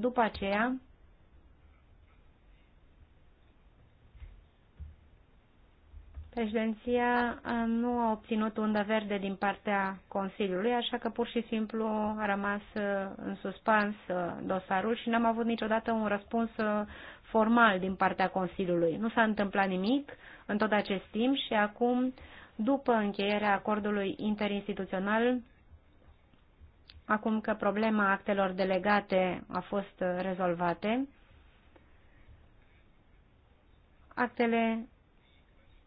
După aceea, Președinția uh, nu a obținut undă verde din partea Consiliului, așa că pur și simplu a rămas uh, în suspans uh, dosarul și n-am avut niciodată un răspuns formal din partea Consiliului. Nu s-a întâmplat nimic în tot acest timp și acum, după încheierea acordului interinstituțional, acum că problema actelor delegate a fost rezolvate, actele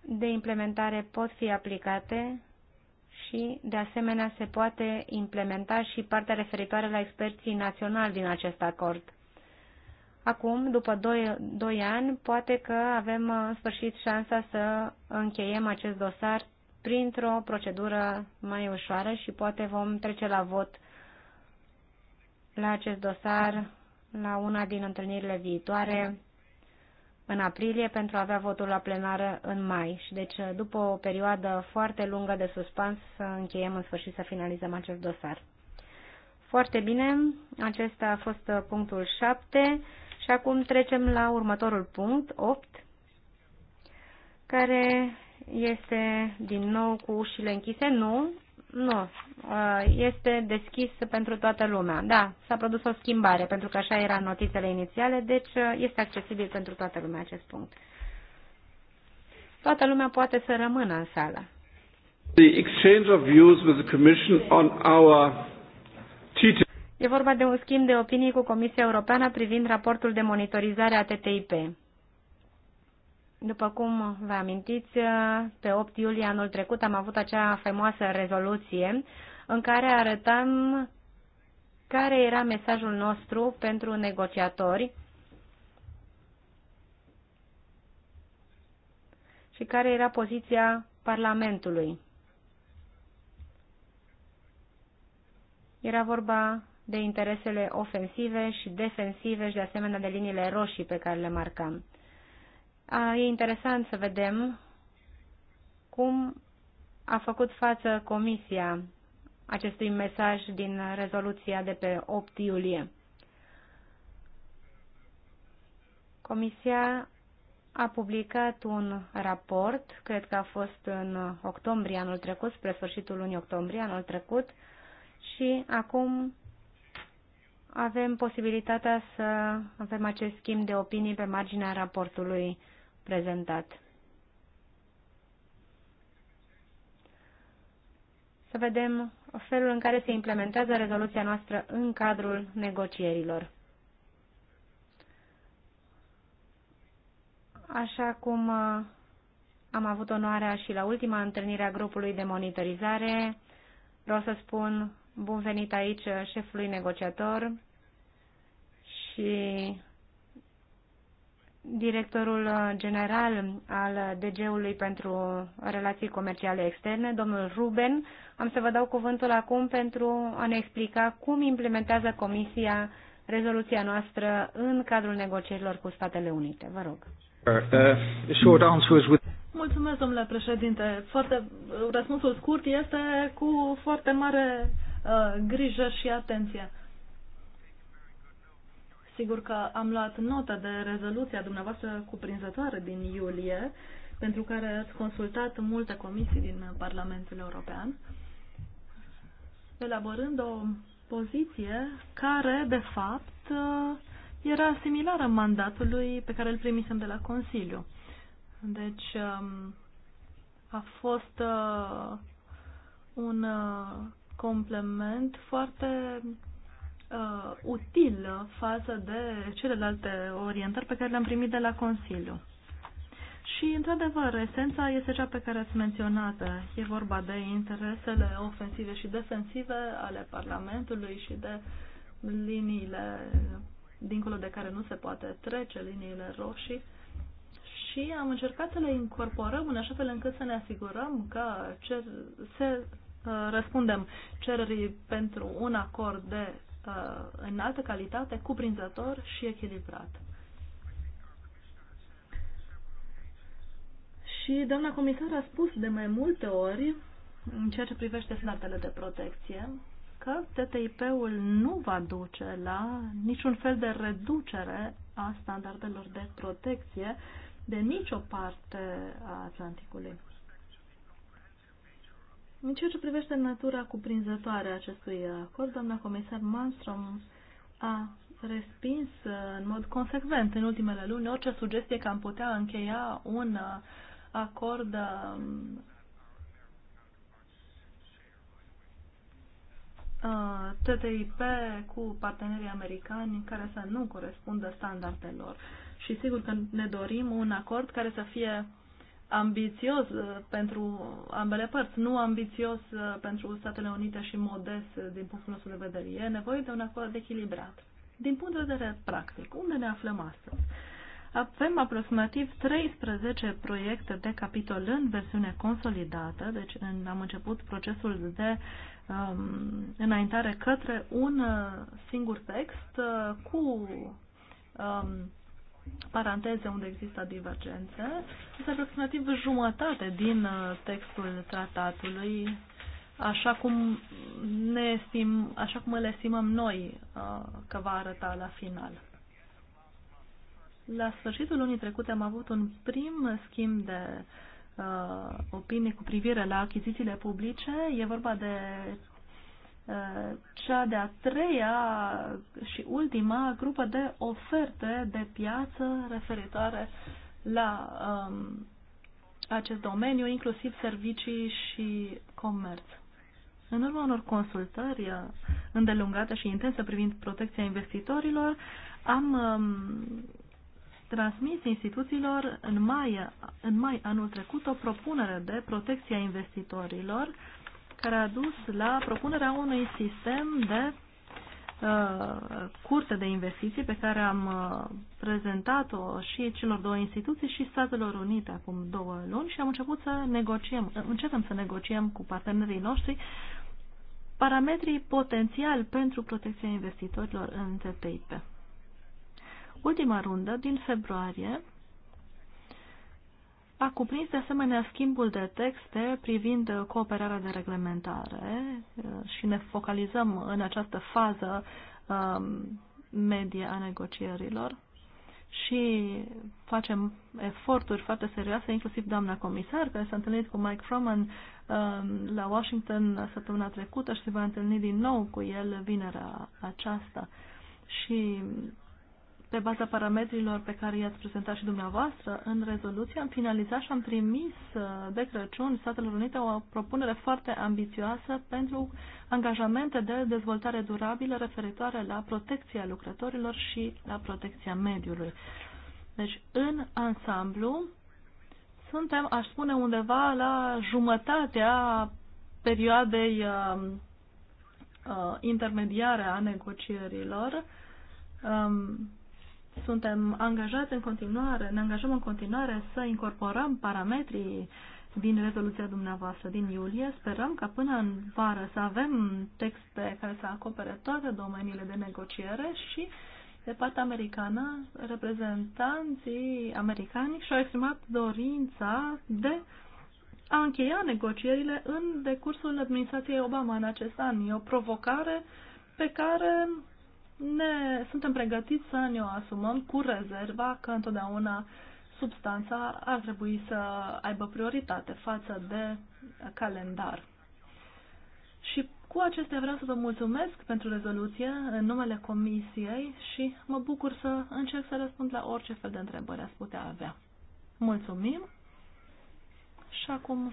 de implementare pot fi aplicate și, de asemenea, se poate implementa și partea referitoare la experții naționali din acest acord. Acum, după 2, 2 ani, poate că avem uh, în sfârșit șansa să încheiem acest dosar printr-o procedură mai ușoară și poate vom trece la vot la acest dosar la una din întâlnirile viitoare în aprilie pentru a avea votul la plenară în mai și deci după o perioadă foarte lungă de suspans să încheiem în sfârșit să finalizăm acest dosar. Foarte bine, acesta a fost punctul 7 și acum trecem la următorul punct, 8, care este din nou cu ușile închise, nu, nu. Ă, este deschis pentru toată lumea. Da, s-a produs o schimbare, pentru că așa era în notițele inițiale, deci ă, este accesibil pentru toată lumea acest punct. Toată lumea poate să rămână în sală. The exchange of views with the Commission on our TTIP. E vorba de un schimb de opinii cu Comisia Europeană privind raportul de monitorizare a TTIP. După cum vă amintiți, pe 8 iulie anul trecut am avut acea faimoasă rezoluție în care arătam care era mesajul nostru pentru negociatori și care era poziția Parlamentului. Era vorba de interesele ofensive și defensive și de asemenea de liniile roșii pe care le marcam. E interesant să vedem cum a făcut față Comisia acestui mesaj din rezoluția de pe 8 iulie. Comisia a publicat un raport, cred că a fost în octombrie anul trecut, spre sfârșitul lunii octombrie anul trecut, și acum avem posibilitatea să avem acest schimb de opinii pe marginea raportului prezentat. Să vedem felul în care se implementează rezoluția noastră în cadrul negocierilor. Așa cum uh, am avut onoarea și la ultima întâlnire a grupului de monitorizare, vreau să spun bun venit aici șefului negociator și directorul uh, general al DG-ului pentru relații comerciale externe, domnul Ruben. Am să vă dau cuvântul acum pentru a ne explica cum implementează Comisia rezoluția noastră în cadrul negocierilor cu Statele Unite. Vă rog. Uh, uh, Mulțumesc, domnule președinte. Foarte, răspunsul scurt este cu foarte mare uh, grijă și atenție. Uh, Sigur că am luat notă de rezoluția dumneavoastră cuprinzătoare din iulie, pentru care ați consultat multe comisii din Parlamentul European, elaborând o poziție care, de fapt, era similară mandatului pe care îl primisem de la Consiliu. Deci, um, a fost uh, un uh, complement foarte uh, util față de celelalte orientări pe care le-am primit de la Consiliu. Și, într-adevăr, esența este cea pe care ați menționat. E vorba de interesele ofensive și defensive ale Parlamentului și de liniile dincolo de care nu se poate trece, liniile roșii. Și am încercat să le incorporăm în așa fel încât să ne asigurăm că cer, se uh, răspundem cererii pentru un acord de Uh, în altă calitate, cuprinzător și echilibrat. Și doamna comisar a spus de mai multe ori, în ceea ce privește standardele de protecție, că TTIP-ul nu va duce la niciun fel de reducere a standardelor de protecție de nicio parte a Atlanticului. În ceea ce privește natura cuprinzătoare a acestui acord, doamna comisar Manstrom a respins uh, în mod consecvent în ultimele luni orice sugestie că am putea încheia un uh, acord um, uh, TTIP cu partenerii americani care să nu corespundă standardelor. Și sigur că ne dorim un acord care să fie ambițios uh, pentru ambele părți, nu ambițios uh, pentru Statele Unite și modest uh, din punctul nostru de vedere. E nevoie de un acord echilibrat. Din punct de vedere practic, unde ne aflăm astăzi? Avem aproximativ 13 proiecte de capitol în versiune consolidată, deci în, am început procesul de um, înaintare către un uh, singur text uh, cu um, paranteze unde există divergențe, este aproximativ jumătate din uh, textul tratatului, așa cum, ne estim, așa cum îl estimăm noi uh, că va arăta la final. La sfârșitul lunii trecute am avut un prim schimb de uh, opinii cu privire la achizițiile publice. E vorba de cea de-a treia și ultima grupă de oferte de piață referitoare la um, acest domeniu, inclusiv servicii și comerț. În urma unor consultări uh, îndelungate și intense privind protecția investitorilor, am um, transmis instituțiilor în mai, în mai anul trecut o propunere de protecție a investitorilor uh, care a dus la propunerea unui sistem de uh, curte de investiții pe care am uh, prezentat-o și celor două instituții și Statelor Unite acum două luni și am început să negociem, începem să negociem cu partenerii noștri parametrii potențial pentru protecția investitorilor în TTIP. Ultima rundă din februarie a cuprins de asemenea schimbul de texte privind cooperarea de reglementare uh, și ne focalizăm în această fază um, medie a negocierilor și facem eforturi foarte serioase, inclusiv doamna comisar, care s-a întâlnit cu Mike Froman um, la Washington săptămâna trecută și se va întâlni din nou cu el vinerea aceasta. Și pe baza parametrilor pe care i-ați prezentat și dumneavoastră în rezoluție, am finalizat și am trimis uh, de Crăciun Statelor Unite o propunere foarte ambițioasă pentru angajamente de dezvoltare durabilă referitoare la protecția lucrătorilor și la protecția mediului. Deci, în ansamblu, suntem, aș spune, undeva la jumătatea perioadei uh, uh, intermediare a negocierilor. Um, suntem angajați în continuare, ne angajăm în continuare să incorporăm parametrii din rezoluția dumneavoastră din iulie. Sperăm ca până în vară să avem texte care să acopere toate domeniile de negociere și de partea americană, reprezentanții americani și-au exprimat dorința de a încheia negocierile în decursul administrației Obama în acest an. E o provocare pe care ne suntem pregătiți să ne o asumăm cu rezerva că întotdeauna substanța ar trebui să aibă prioritate față de calendar. Și cu acestea vreau să vă mulțumesc pentru rezoluție în numele Comisiei și mă bucur să încerc să răspund la orice fel de întrebări ați putea avea. Mulțumim și acum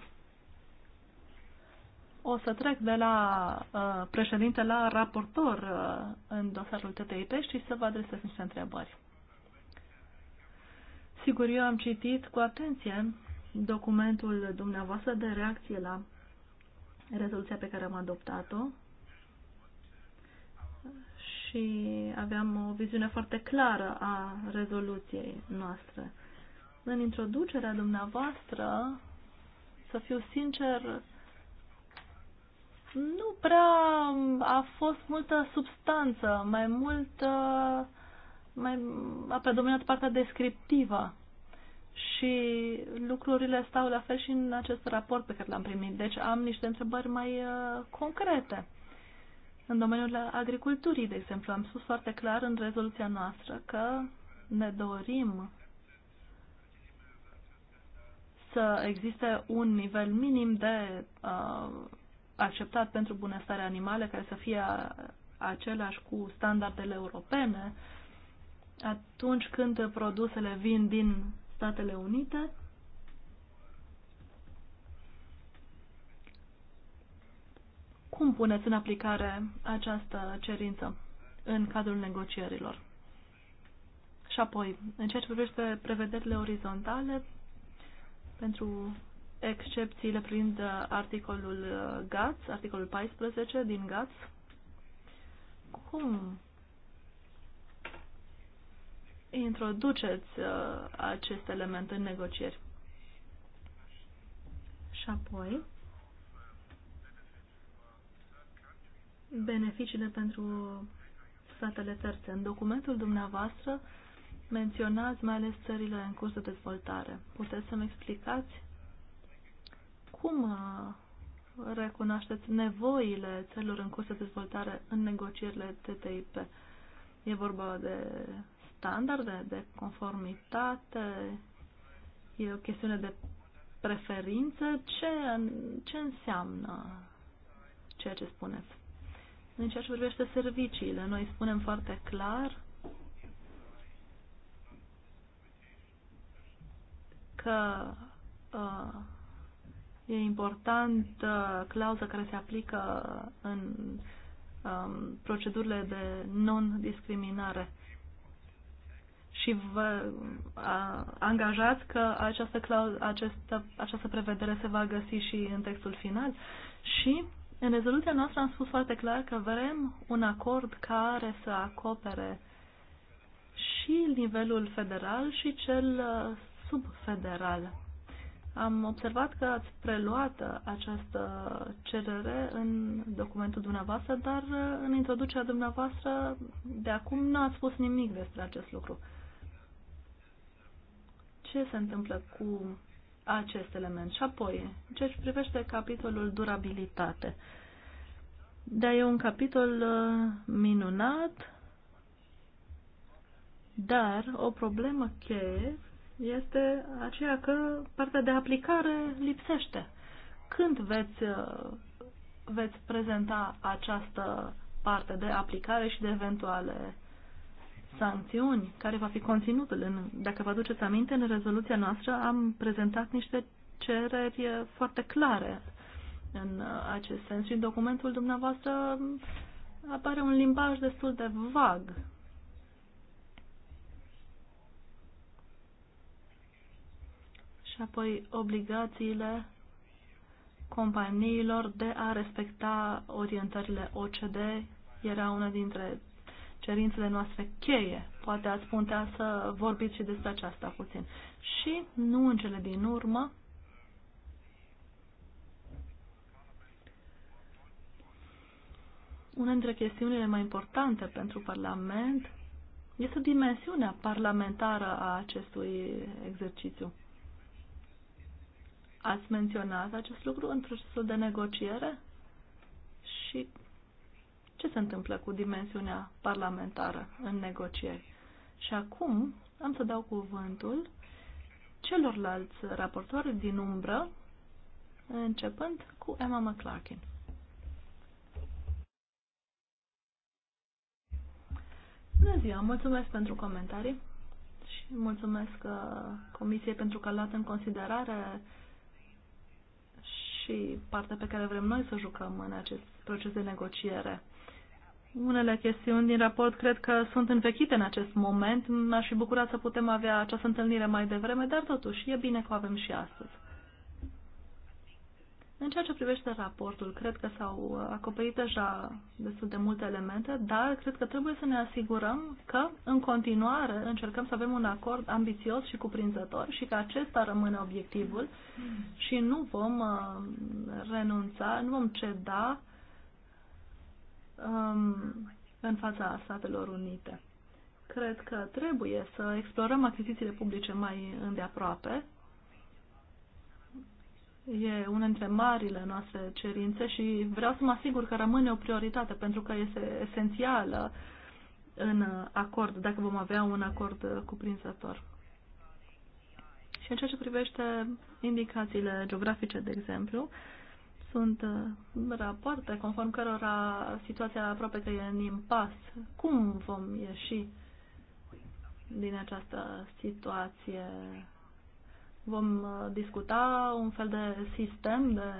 o să trec de la uh, președinte la raportor uh, în dosarul TTIP și să vă adresez niște întrebări. Sigur, eu am citit cu atenție documentul dumneavoastră de reacție la rezoluția pe care am adoptat-o și aveam o viziune foarte clară a rezoluției noastre. În introducerea dumneavoastră, să fiu sincer, nu prea a fost multă substanță, mai mult uh, mai, a predominat partea descriptivă și lucrurile stau la fel și în acest raport pe care l-am primit. Deci am niște întrebări mai uh, concrete. În domeniul agriculturii, de exemplu, am spus foarte clar în rezoluția noastră că ne dorim să existe un nivel minim de uh, acceptat pentru bunăstarea animale, care să fie același cu standardele europene, atunci când produsele vin din Statele Unite, cum puneți în aplicare această cerință în cadrul negocierilor? Și apoi, în ceea ce privește prevederile orizontale pentru excepțiile prind uh, articolul uh, GATS, articolul 14 din GATS. Cum introduceți uh, acest element în negocieri? Și apoi, beneficiile pentru statele terțe. În documentul dumneavoastră menționați mai ales țările în curs de dezvoltare. Puteți să-mi explicați cum recunoașteți nevoile țărilor în curs de dezvoltare în negocierile TTIP? E vorba de standarde, de conformitate, e o chestiune de preferință. Ce, ce înseamnă ceea ce spuneți? În ceea ce privește serviciile, noi spunem foarte clar că uh, E important uh, clauza care se aplică în um, procedurile de non-discriminare și vă a, angajați că această, clauză, această, această prevedere se va găsi și în textul final. Și în rezoluția noastră am spus foarte clar că vrem un acord care să acopere și nivelul federal și cel uh, subfederal. Am observat că ați preluat uh, această cerere în documentul dumneavoastră, dar uh, în introducerea dumneavoastră de acum nu ați spus nimic despre acest lucru. Ce se întâmplă cu acest element? Și apoi, ce privește capitolul durabilitate. Da, e un capitol uh, minunat, dar o problemă cheie este aceea că partea de aplicare lipsește. Când veți, uh, veți prezenta această parte de aplicare și de eventuale sancțiuni, care va fi conținutul. În, dacă vă aduceți aminte, în rezoluția noastră am prezentat niște cereri foarte clare în uh, acest sens și în documentul dumneavoastră apare un limbaj destul de vag și apoi obligațiile companiilor de a respecta orientările OCD era una dintre cerințele noastre cheie. Poate ați putea să vorbiți și despre aceasta puțin. Și, nu în cele din urmă, una dintre chestiunile mai importante pentru Parlament este dimensiunea parlamentară a acestui exercițiu. Ați menționat acest lucru în procesul de negociere? Și ce se întâmplă cu dimensiunea parlamentară în negocieri? Și acum am să dau cuvântul celorlalți raportori din umbră, începând cu Emma McClarkin. Bună ziua, mulțumesc pentru comentarii și mulțumesc uh, Comisiei pentru că a luat în considerare și partea pe care vrem noi să jucăm în acest proces de negociere. Unele chestiuni din raport cred că sunt învechite în acest moment. M-aș fi bucurat să putem avea această întâlnire mai devreme, dar totuși e bine că o avem și astăzi. În ceea ce privește raportul, cred că s-au uh, acoperit deja destul de multe elemente, dar cred că trebuie să ne asigurăm că în continuare încercăm să avem un acord ambițios și cuprinzător și că acesta rămâne obiectivul și nu vom uh, renunța, nu vom ceda um, în fața Statelor Unite. Cred că trebuie să explorăm achizițiile publice mai îndeaproape, E una dintre marile noastre cerințe și vreau să mă asigur că rămâne o prioritate pentru că este esențială în acord, dacă vom avea un acord cuprinzător. Și în ceea ce privește indicațiile geografice, de exemplu, sunt uh, rapoarte conform cărora situația aproape că e în impas. Cum vom ieși din această situație Vom uh, discuta un fel de sistem de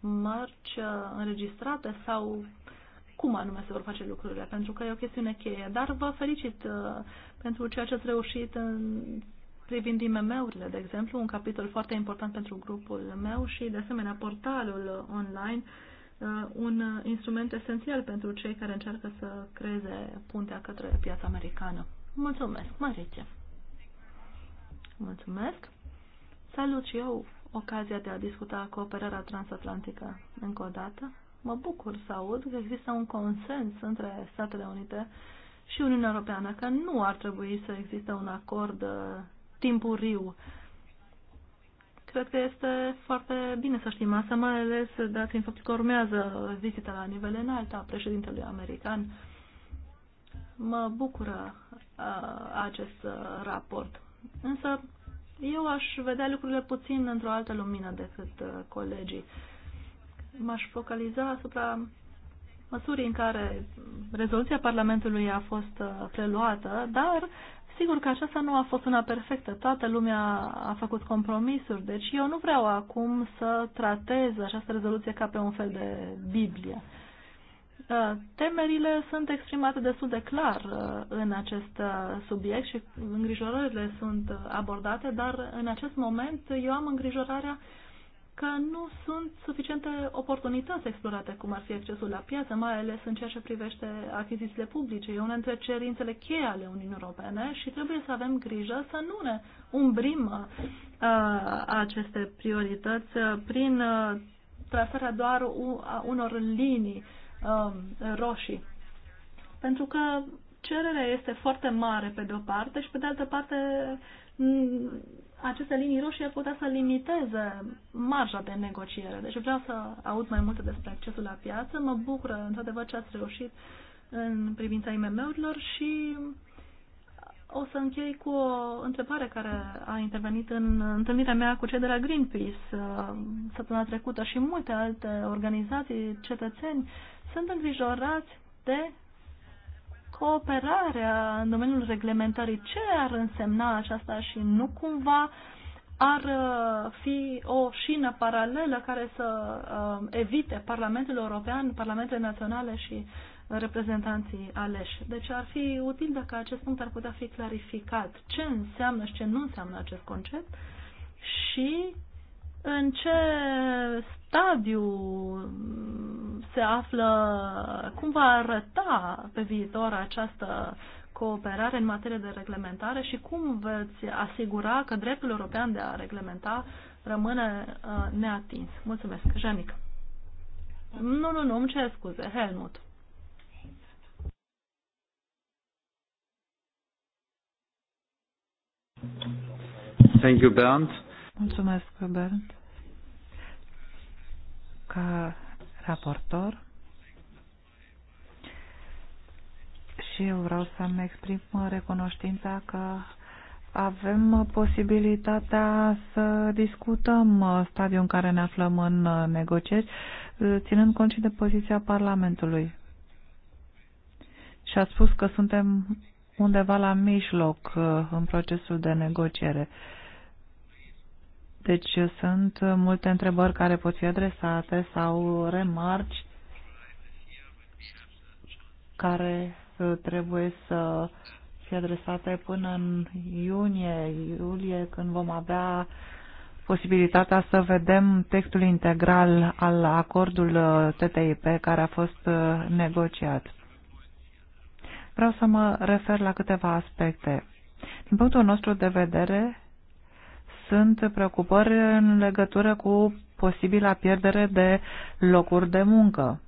mărci uh, înregistrate sau cum anume se vor face lucrurile, pentru că e o chestiune cheie. Dar vă felicit uh, pentru ceea ce ați reușit în privind IMM-urile, de exemplu, un capitol foarte important pentru grupul meu și, de asemenea, portalul online, un instrument esențial pentru cei care încearcă să creeze puntea către piața americană. Mulțumesc, Marice! Mulțumesc! Salut și eu ocazia de a discuta cooperarea transatlantică încă o dată. Mă bucur să aud că există un consens între Statele Unite și Uniunea Europeană că nu ar trebui să existe un acord uh, timpuriu. Cred că este foarte bine să știm asta, mai ales dat fiind faptul că urmează vizita la nivel înalt a președintelui american. Mă bucură uh, acest uh, raport. Însă eu aș vedea lucrurile puțin într-o altă lumină decât uh, colegii. M-aș focaliza asupra măsurii în care rezoluția Parlamentului a fost uh, preluată, dar sigur că aceasta nu a fost una perfectă. Toată lumea a făcut compromisuri, deci eu nu vreau acum să tratez această rezoluție ca pe un fel de Biblie. Uh, temerile sunt exprimate destul de clar uh, în acest uh, subiect și îngrijorările sunt abordate, dar în acest moment eu am îngrijorarea că nu sunt suficiente oportunități explorate, cum ar fi accesul la piață, mai ales în ceea ce privește achizițiile publice. E una dintre cerințele cheie ale Uniunii Europene și trebuie să avem grijă să nu ne umbrim uh, aceste priorități prin uh, trasarea doar u, a unor linii uh, Um, roșii. Pentru că cererea este foarte mare pe de o parte și pe de altă parte mm, aceste linii roșii ar putea să limiteze marja de negociere. Deci vreau să aud mai multe despre accesul la piață. Mă bucură într-adevăr ce ați reușit în privința IMM-urilor și o să închei cu o întrebare care a intervenit în întâlnirea mea cu cei de la Greenpeace uh, săptămâna trecută și multe alte organizații, cetățeni sunt îngrijorați de cooperarea în domeniul reglementării. Ce ar însemna aceasta și nu cumva ar uh, fi o șină paralelă care să uh, evite Parlamentul European, Parlamentele Naționale și reprezentanții aleși. Deci ar fi util dacă acest punct ar putea fi clarificat. Ce înseamnă și ce nu înseamnă acest concept și în ce stadiu se află, cum va arăta pe viitor această cooperare în materie de reglementare și cum veți asigura că dreptul european de a reglementa rămâne uh, neatins. Mulțumesc. Janic. Nu, nu, nu, îmi cer scuze. Helmut. Thank you, Bernd. Mulțumesc, Bernd. Ca raportor, și eu vreau să-mi exprim recunoștința că avem posibilitatea să discutăm stadiul în care ne aflăm în negocieri, ținând cont și de poziția Parlamentului. Și a spus că suntem undeva la mijloc în procesul de negociere. Deci uh, sunt uh, multe întrebări care pot fi adresate sau remarci care uh, trebuie să fie adresate până în iunie, iulie, când vom avea posibilitatea să vedem textul integral al acordului TTIP care a fost negociat. Vreau să mă refer la câteva aspecte. Din punctul nostru de vedere, sunt preocupări în legătură cu posibila pierdere de locuri de muncă.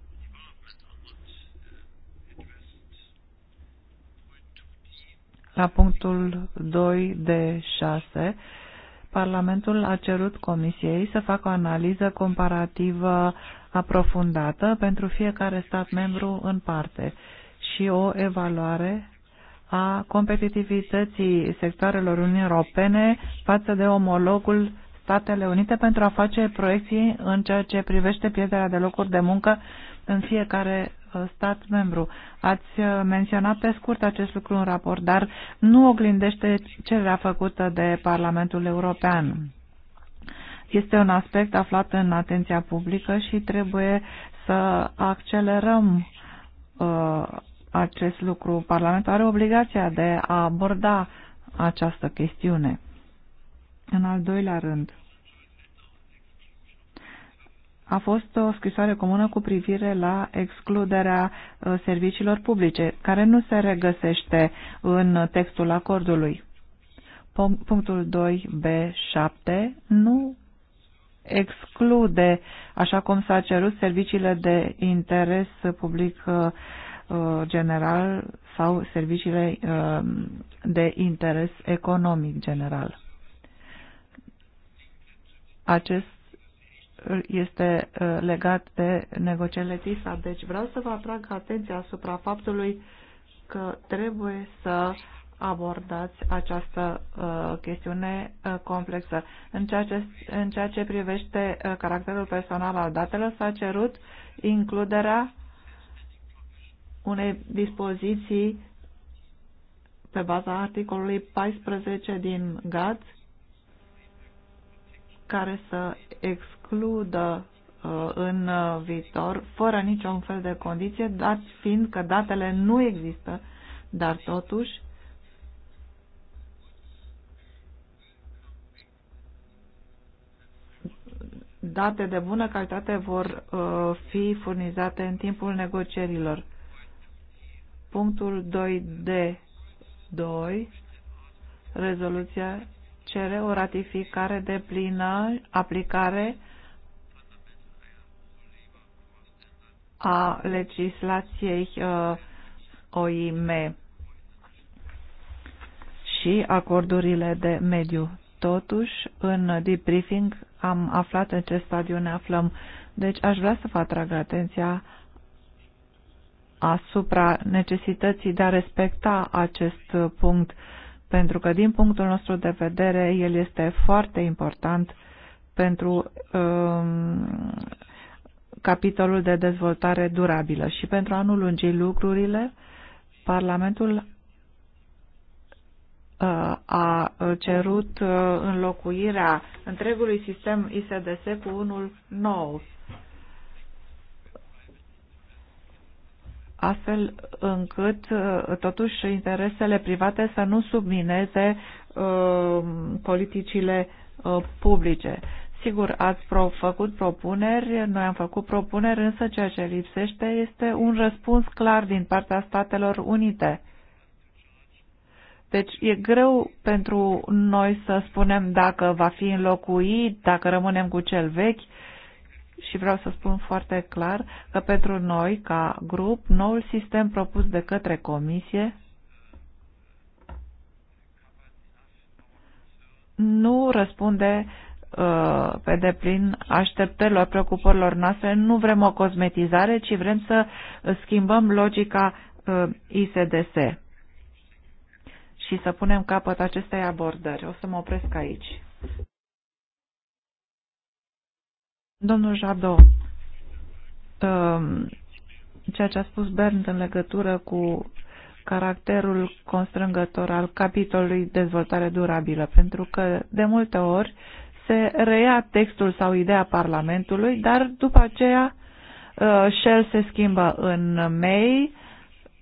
La punctul 2 de 6, Parlamentul a cerut Comisiei să facă o analiză comparativă aprofundată pentru fiecare stat membru în parte și o evaluare a competitivității sectoarelor Uniunii Europene față de omologul Statele Unite pentru a face proiecții în ceea ce privește pierderea de locuri de muncă în fiecare uh, stat membru. Ați uh, menționat pe scurt acest lucru în raport, dar nu oglindește cererea făcută de Parlamentul European. Este un aspect aflat în atenția publică și trebuie să accelerăm uh, acest lucru. Parlamentul are obligația de a aborda această chestiune. În al doilea rând, a fost o scrisoare comună cu privire la excluderea uh, serviciilor publice, care nu se regăsește în textul acordului. Punctul 2b7 nu exclude, așa cum s-a cerut, serviciile de interes public uh, Uh, general sau serviciile uh, de interes economic general. Acest este uh, legat de negocierile TISA. Deci vreau să vă atrag atenția asupra faptului că trebuie să abordați această uh, chestiune uh, complexă. În ceea, ce, în ceea ce privește uh, caracterul personal al datelor, s-a cerut includerea unei dispoziții pe baza articolului 14 din GAT care să excludă uh, în viitor, fără niciun fel de condiție, dat fiind că datele nu există, dar totuși date de bună calitate vor uh, fi furnizate în timpul negocierilor. Punctul 2D2, rezoluția cere o ratificare de plină aplicare a legislației uh, OIM și acordurile de mediu. Totuși, în debriefing am aflat în ce stadiu ne aflăm, deci aș vrea să vă atrag atenția asupra necesității de a respecta acest punct, pentru că din punctul nostru de vedere el este foarte important pentru um, capitolul de dezvoltare durabilă și pentru a nu lungi lucrurile, Parlamentul uh, a cerut uh, înlocuirea întregului sistem ISDS cu unul nou. astfel încât uh, totuși interesele private să nu submineze uh, politicile uh, publice. Sigur, ați pro făcut propuneri, noi am făcut propuneri, însă ceea ce lipsește este un răspuns clar din partea Statelor Unite. Deci e greu pentru noi să spunem dacă va fi înlocuit, dacă rămânem cu cel vechi, și vreau să spun foarte clar că pentru noi, ca grup, noul sistem propus de către Comisie nu răspunde uh, pe deplin așteptărilor, preocupărilor noastre. Nu vrem o cosmetizare, ci vrem să schimbăm logica uh, ISDS și să punem capăt acestei abordări. O să mă opresc aici. Domnul Jado, um, ceea ce a spus Bernd în legătură cu caracterul constrângător al capitolului dezvoltare durabilă, pentru că de multe ori se reia textul sau ideea Parlamentului, dar după aceea uh, Shell se schimbă în May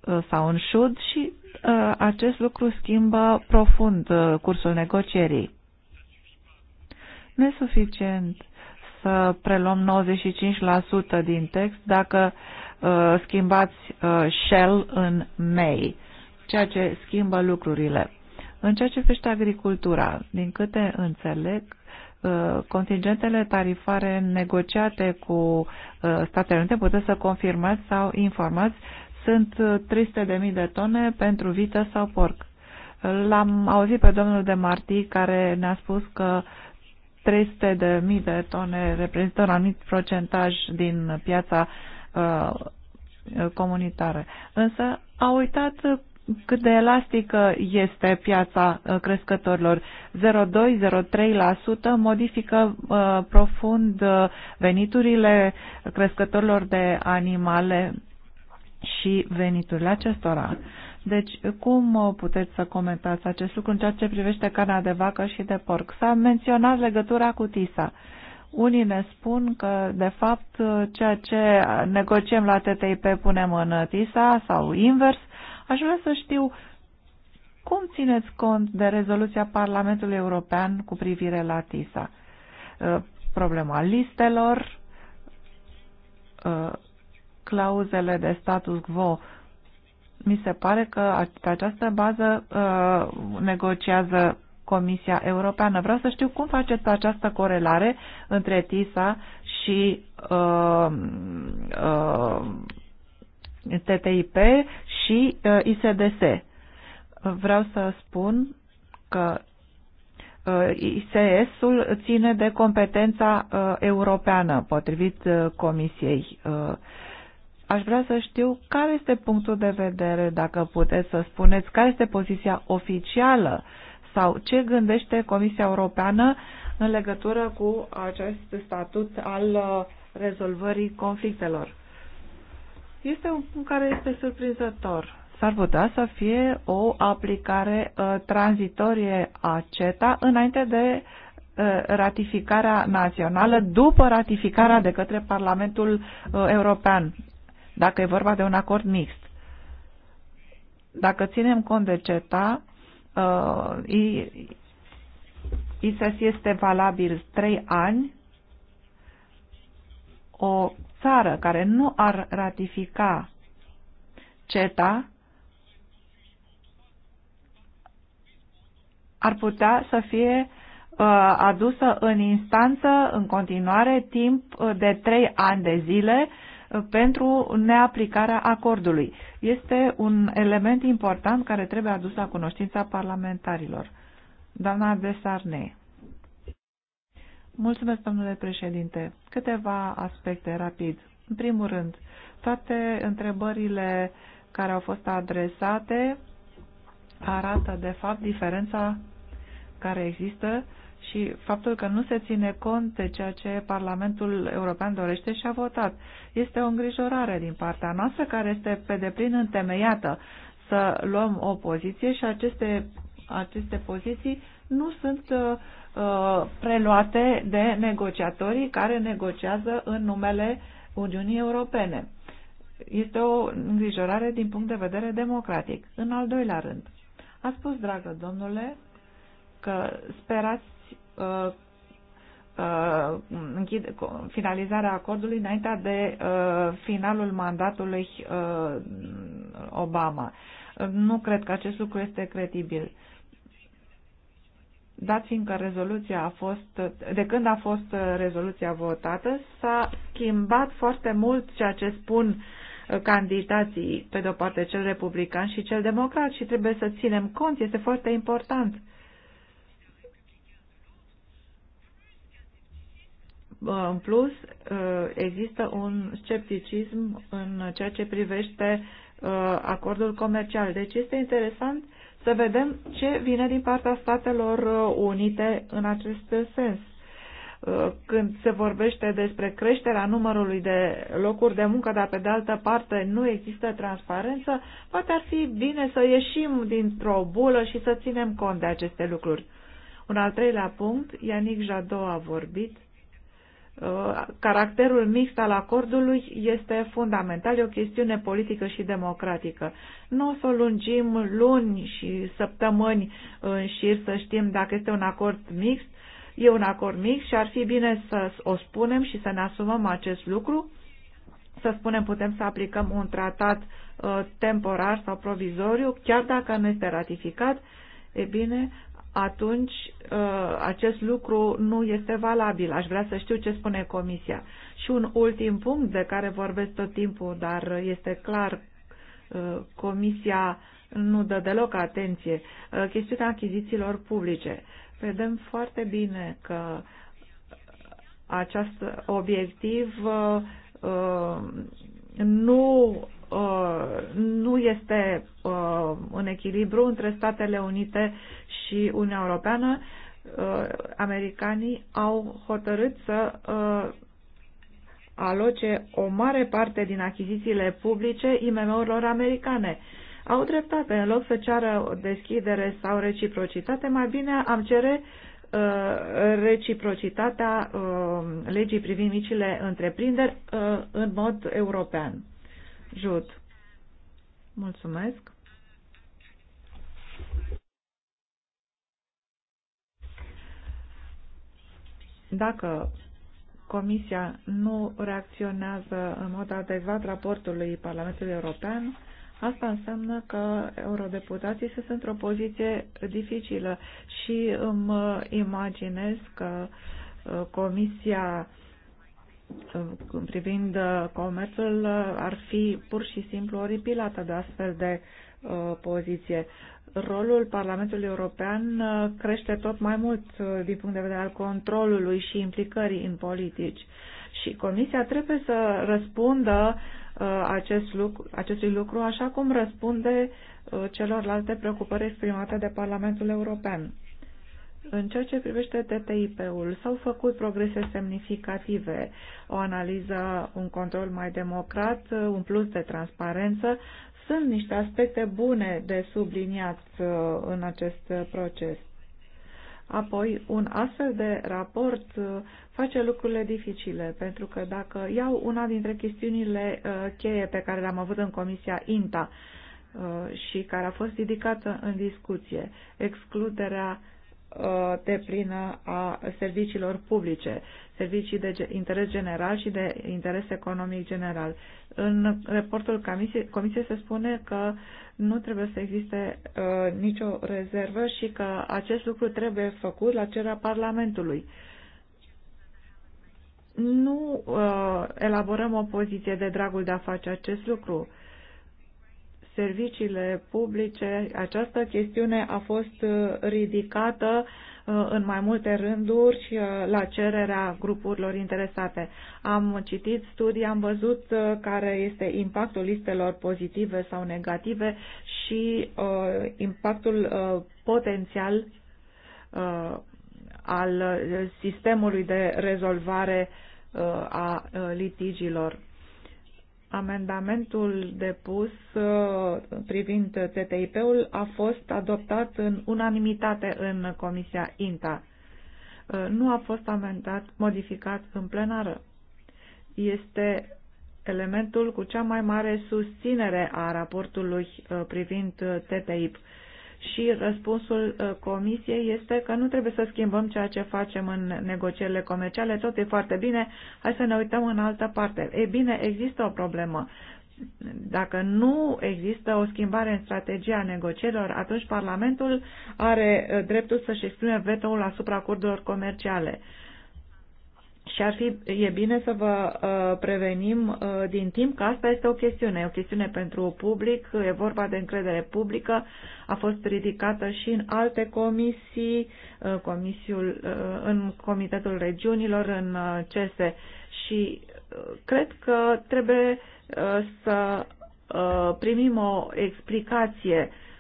uh, sau în Should și uh, acest lucru schimbă profund cursul negocierii. Nu e suficient să preluăm 95% din text dacă uh, schimbați uh, shell în may, ceea ce schimbă lucrurile. În ceea ce privește agricultura, din câte înțeleg, uh, contingentele tarifare negociate cu Statele Unite, puteți să confirmați sau informați, sunt 300.000 de tone pentru vită sau porc. L-am auzit pe domnul de Marti care ne-a spus că 300 de mii de tone reprezintă un anumit procentaj din piața uh, comunitară. Însă a uitat cât de elastică este piața uh, crescătorilor. 0,2-0,3% modifică uh, profund uh, veniturile crescătorilor de animale și veniturile acestora. Uh, deci, cum uh, puteți să comentați acest lucru în ceea ce privește carnea de vacă și de porc? S-a menționat legătura cu TISA. Unii ne spun că, de fapt, uh, ceea ce negociem la TTIP punem în TISA sau invers. Aș vrea să știu cum țineți cont de rezoluția Parlamentului European cu privire la TISA. Uh, problema listelor, clauzele de status quo mi se pare că pe această bază uh, negociază Comisia Europeană. Vreau să știu cum faceți această corelare între TISA și uh, uh, TTIP și uh, ISDS. Vreau să spun că uh, ISS-ul ține de competența uh, europeană, potrivit uh, Comisiei Aș vrea să știu care este punctul de vedere, dacă puteți să spuneți, care este poziția oficială sau ce gândește Comisia Europeană în legătură cu acest statut al uh, rezolvării conflictelor. Este un punct care este surprinzător. S-ar putea să fie o aplicare uh, tranzitorie a CETA înainte de uh, ratificarea națională după ratificarea de către Parlamentul uh, European dacă e vorba de un acord mixt. Dacă ținem cont de CETA, uh, ISAS este valabil 3 ani, o țară care nu ar ratifica CETA ar putea să fie uh, adusă în instanță în continuare timp uh, de trei ani de zile pentru neaplicarea acordului. Este un element important care trebuie adus la cunoștința parlamentarilor. Doamna Desarne. Mulțumesc, domnule președinte. Câteva aspecte rapid. În primul rând, toate întrebările care au fost adresate arată, de fapt, diferența care există și faptul că nu se ține cont de ceea ce Parlamentul European dorește și a votat. Este o îngrijorare din partea noastră care este pe deplin întemeiată să luăm o poziție și aceste, aceste poziții nu sunt uh, uh preluate de negociatorii care negociază în numele Uniunii Europene. Este o îngrijorare din punct de vedere democratic. În al doilea rând, a spus, dragă domnule, că sperați Uh, uh, închid, finalizarea acordului înaintea de uh, finalul mandatului uh, Obama. Nu cred că acest lucru este credibil. Dat fiindcă rezoluția a fost, de când a fost uh, rezoluția votată, s-a schimbat foarte mult ceea ce spun uh, candidații, pe de-o parte cel republican și cel democrat și trebuie să ținem cont, este foarte important. În plus, eh, există un scepticism în ceea ce privește eh, acordul comercial. Deci este interesant să vedem ce vine din partea Statelor eh, Unite în acest sens. Când se vorbește despre creșterea numărului de locuri de muncă, dar pe de altă parte nu există transparență, poate ar fi bine să ieșim dintr-o bulă și să ținem cont de aceste lucruri. Un al treilea punct, Ianic Jadot a vorbit Uh, caracterul mixt al acordului este fundamental, e o chestiune politică și democratică. Nu o să lungim luni și săptămâni în șir să știm dacă este un acord mixt, e un acord mixt și ar fi bine să o spunem și să ne asumăm acest lucru, să spunem putem să aplicăm un tratat uh, temporar sau provizoriu, chiar dacă nu este ratificat, e bine, atunci uh, acest lucru nu este valabil. Aș vrea să știu ce spune Comisia. Și un ultim punct de care vorbesc tot timpul, dar este clar, uh, Comisia nu dă deloc atenție, uh, chestiunea achizițiilor publice. Vedem foarte bine că acest obiectiv nu nu este în echilibru între Statele Unite și Uniunea Europeană, uh, americanii au hotărât să uh, aloce o mare parte din achizițiile publice IMM-urilor americane. Au dreptate, în loc să ceară o deschidere sau reciprocitate, mai bine am cere uh, reciprocitatea legii privind micile întreprinderi în mod european. Jut. Mulțumesc. Dacă Comisia nu reacționează în mod adecvat raportului Parlamentului European, asta înseamnă că eurodeputații sunt într-o poziție dificilă și îmi imaginez că uh, Comisia uh, privind uh, comerțul ar fi pur și simplu oripilată de astfel de poziție rolul Parlamentului European uh, crește tot mai mult uh, din punct de vedere al controlului și implicării în politici. Și Comisia trebuie să răspundă uh, acest lucru, acestui lucru așa cum răspunde celorlalte preocupări exprimate de Parlamentul European. În ceea ce privește TTIP-ul, s-au făcut progrese semnificative, o analiză, un control mai democrat, un plus de transparență, sunt niște aspecte bune de subliniat uh, în acest proces. Apoi, un astfel de raport uh, face lucrurile dificile, pentru că dacă iau una dintre chestiunile uh, cheie pe care le-am avut în Comisia INTA și care a fost ridicată în discuție, excluderea Uh, plină a serviciilor publice, servicii de interes general și de interes economic general. În raportul comisiei comisie se spune că nu trebuie să existe uh, nicio rezervă și că acest lucru trebuie făcut la cererea Parlamentului. Nu uh, elaborăm o poziție de dragul de a face acest lucru. Uh, serviciile publice, această chestiune a fost uh, ridicată uh, în mai multe rânduri și uh, la cererea grupurilor interesate. Am citit studii, am văzut care este impactul listelor pozitive sau negative și impactul potențial al sistemului de rezolvare a litigilor. Amendamentul depus uh, privind TTIP-ul a fost adoptat în unanimitate în Comisia INTA. Uh, nu a fost amendat, modificat în plenară. Este elementul cu cea mai mare susținere a raportului uh, privind TTIP și răspunsul uh, comisiei este că nu trebuie să schimbăm ceea ce facem în negocierile comerciale, tot e foarte bine, hai să ne uităm în altă parte. E bine, există o problemă. Dacă nu există o schimbare în strategia negocierilor, atunci Parlamentul are uh, dreptul să-și exprime veto-ul asupra acordurilor comerciale. Uh, și ar fi, e bine să vă uh, prevenim uh, din timp că asta este o chestiune, e o chestiune pentru public, e vorba de încredere publică, a fost ridicată și în alte comisii, uh, comisiul, uh, în Comitetul Regiunilor, în uh, CESE și uh, cred că trebuie uh, să uh, primim o explicație uh,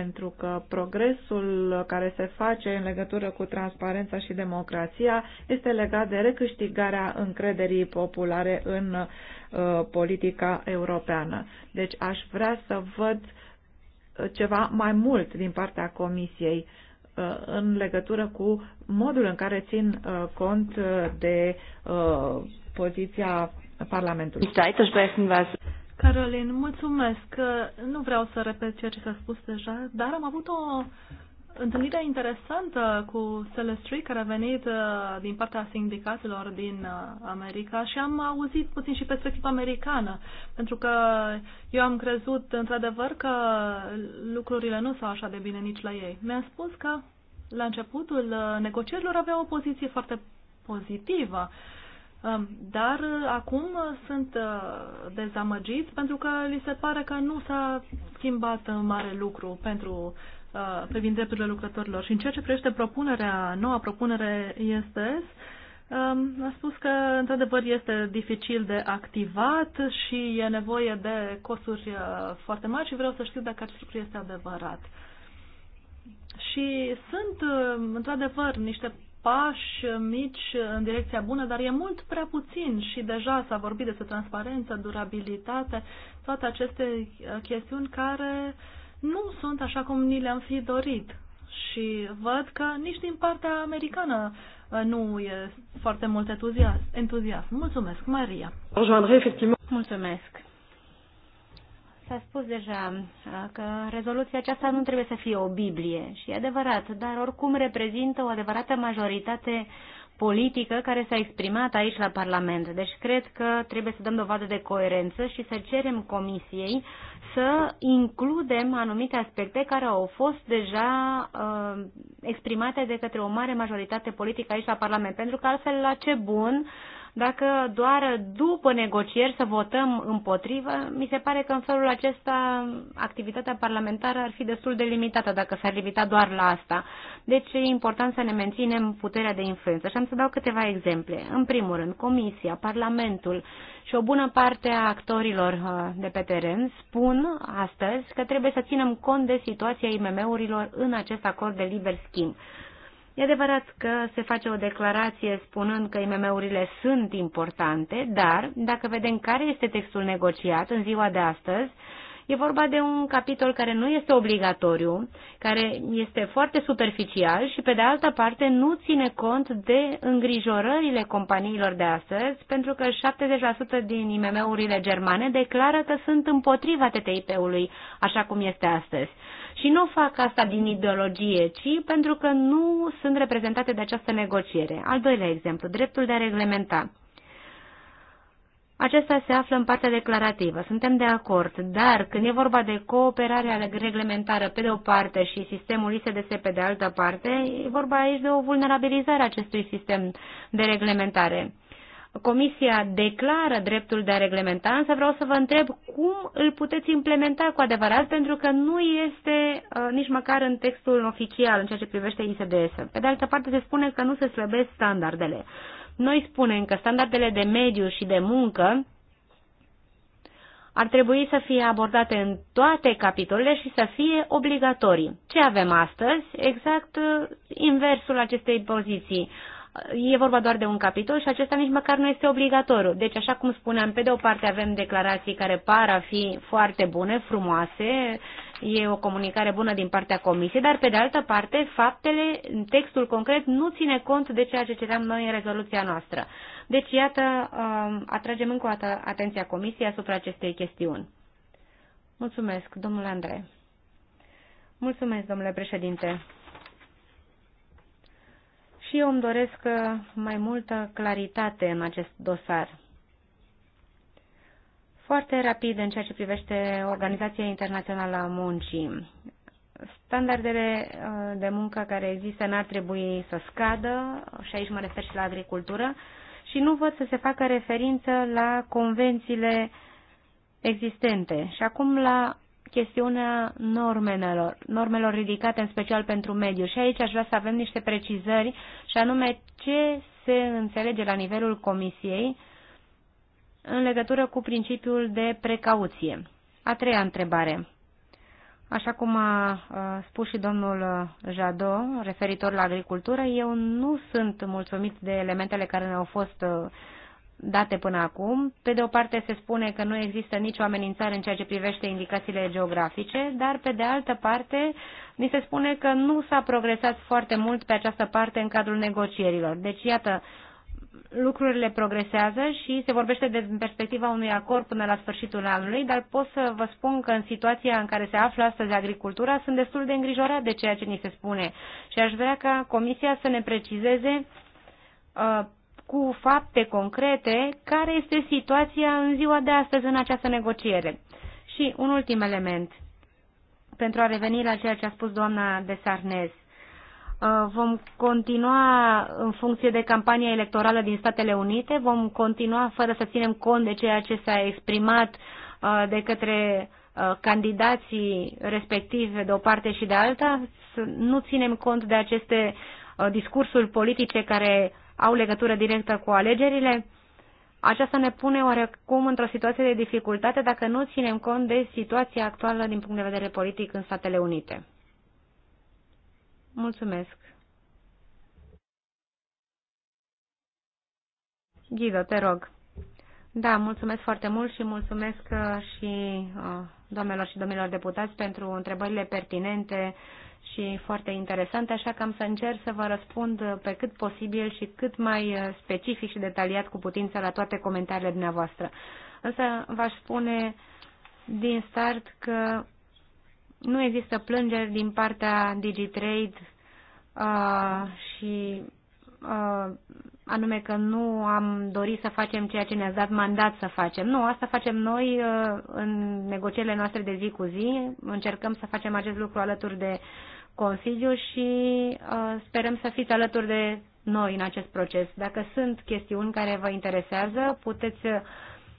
pentru că progresul care se face în legătură cu transparența și democrația este legat de recâștigarea încrederii populare în uh, politica europeană. Deci aș vrea să văd uh, ceva mai mult din partea Comisiei uh, în legătură cu modul în care țin uh, cont uh, de poziția Parlamentului. Carolin, mulțumesc. Nu vreau să repet ceea ce s-a spus deja, dar am avut o întâlnire interesantă cu Celestri, care a venit uh, din partea sindicatelor din uh, America și am auzit puțin și perspectiva americană, pentru că eu am crezut într-adevăr că lucrurile nu s-au așa de bine nici la ei. Mi-a spus că la începutul uh, negocierilor avea o poziție foarte pozitivă dar uh, acum uh, sunt uh, dezamăgiți pentru că li se pare că nu s-a schimbat mare lucru pentru privind drepturile lucrătorilor. Și în ceea ce privește propunerea, noua propunere este um, a spus că, într-adevăr, este dificil de activat și e nevoie de costuri foarte mari și vreau să știu dacă acest lucru este adevărat. Și sunt, într-adevăr, niște pași mici în direcția bună, dar e mult prea puțin și deja s-a vorbit despre transparență, durabilitate, toate aceste chestiuni care nu sunt așa cum ni le-am fi dorit. Și văd că nici din partea americană uh, nu e foarte mult entuziasm. entuziasm. Mulțumesc, Maria. Mulțumesc. S-a spus deja uh, că rezoluția aceasta nu trebuie să fie o Biblie și e adevărat, dar oricum reprezintă o adevărată majoritate politică care s-a exprimat aici la Parlament. Deci cred că trebuie să dăm dovadă de coerență și să cerem Comisiei să includem anumite aspecte care au fost deja uh, exprimate de către o mare majoritate politică aici la Parlament. Pentru că altfel la ce bun uh, dacă doar după negocieri să votăm împotrivă, mi se pare că în felul acesta activitatea parlamentară ar fi destul de limitată dacă s-ar limita doar la asta. Deci e important să ne menținem puterea de influență. Și am să dau câteva exemple. În primul rând, Comisia, Parlamentul și o bună parte a actorilor uh, de pe teren spun astăzi că trebuie să ținem cont de situația IMM-urilor în acest acord de liber schimb. E adevărat că se face o declarație spunând că IMM-urile sunt importante, dar dacă vedem care este textul negociat în ziua de astăzi, e vorba de un capitol care nu este obligatoriu, care este foarte superficial și, pe de altă parte, nu ține cont de îngrijorările companiilor de astăzi, pentru că 70% din IMM-urile germane declară că sunt împotriva TTIP-ului, așa cum este astăzi. Și nu fac asta din ideologie, ci pentru că nu sunt reprezentate de această negociere. Al doilea exemplu, dreptul de a reglementa. Acesta se află în partea declarativă, suntem de acord, dar când e vorba de cooperarea reglementară pe de o parte și sistemul ISDS pe de altă parte, e vorba aici de o vulnerabilizare a acestui sistem de reglementare. Comisia declară dreptul de a reglementa, însă vreau să vă întreb cum îl puteți implementa cu adevărat, pentru că nu este uh, nici măcar în textul oficial în ceea ce privește ISDS. Pe de altă parte, se spune că nu se slăbesc standardele. Noi spunem că standardele de mediu și de muncă ar trebui să fie abordate în toate capitolele și să fie obligatorii. Ce avem astăzi? Exact uh, inversul acestei poziții. Uh, e vorba doar de un capitol și acesta nici măcar nu este obligatoriu. Deci, așa cum spuneam, pe de o parte avem declarații care par a fi foarte bune, frumoase, e o comunicare bună din partea comisiei, dar pe de altă parte, faptele, textul concret nu ține cont de ceea ce ceream noi în rezoluția noastră. Deci, iată, um, atragem încă o dată atenția comisiei asupra acestei chestiuni. Mulțumesc, domnule Andrei. Mulțumesc, domnule președinte și eu îmi doresc uh, mai multă claritate în acest dosar. Foarte rapid în ceea ce privește Organizația Internațională a Muncii. Standardele uh, de muncă care există n-ar trebui să scadă, și aici mă refer și la agricultură, și nu văd să se facă referință la convențiile existente. Și acum la chestiunea normelor, normelor ridicate în special pentru mediu. Și aici aș vrea să avem niște precizări și anume ce se înțelege la nivelul comisiei în legătură cu principiul de precauție. A treia întrebare. Așa cum a spus și domnul Jado, referitor la agricultură, eu nu sunt mulțumit de elementele care ne-au fost uh, date până acum. Pe de o parte se spune că nu există nicio amenințare în ceea ce privește indicațiile geografice, dar pe de altă parte ni se spune că nu s-a progresat foarte mult pe această parte în cadrul negocierilor. Deci, iată, lucrurile progresează și se vorbește de perspectiva unui acord până la sfârșitul anului, dar pot să vă spun că în situația în care se află astăzi agricultura sunt destul de îngrijorat de ceea ce ni se spune și aș vrea ca Comisia să ne precizeze uh, cu fapte concrete care este situația în ziua de astăzi în această negociere. Și un ultim element, pentru a reveni la ceea ce a spus doamna de Sarnez. Uh, vom continua în funcție de campania electorală din Statele Unite, vom continua fără să ținem cont de ceea ce s-a exprimat uh, de către uh, candidații respective de o parte și de alta, nu ținem cont de aceste discursuri politice care au legătură directă cu alegerile? Aceasta ne pune oarecum într-o situație de dificultate dacă nu ținem cont de situația actuală din punct de vedere politic în Statele Unite. Mulțumesc. Ghido, te rog. Da, mulțumesc foarte mult și mulțumesc uh, și uh, doamnelor și domnilor deputați pentru întrebările pertinente și foarte interesante, așa că am să încerc să vă răspund pe cât posibil și cât mai uh, specific și detaliat cu putință la toate comentariile dumneavoastră. Însă v-aș spune din start că nu există plângeri din partea DigiTrade uh, și uh, anume că nu am dorit să facem ceea ce ne-ați dat mandat să facem. Nu, asta facem noi uh, în negocierile noastre de zi cu zi. Încercăm să facem acest lucru alături de Consiliu și uh, sperăm să fiți alături de noi în acest proces. Dacă sunt chestiuni care vă interesează, puteți uh,